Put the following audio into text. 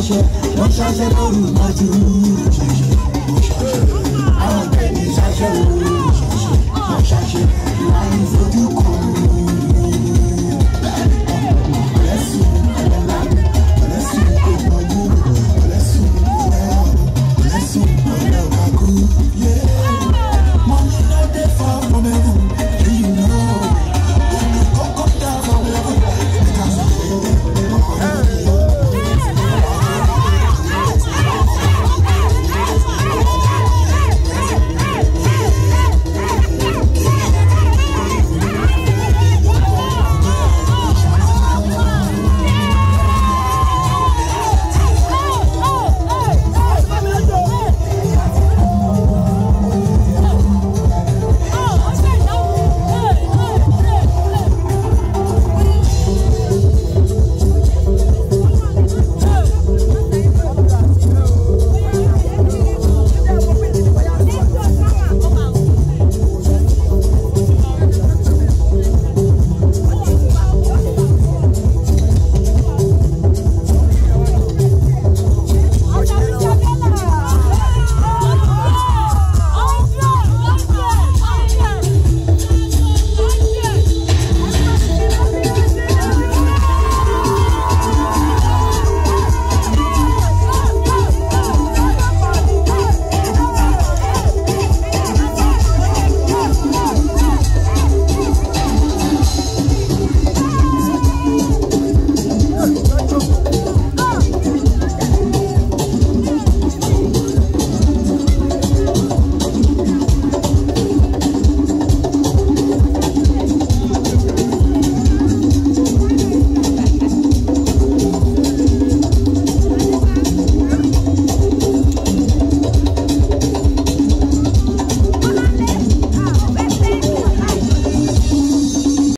ṣaṣẹ wọ́n ṣaṣẹ lóru mọ́jú àwọn ọ̀gbẹ́ni ṣaṣẹ òru.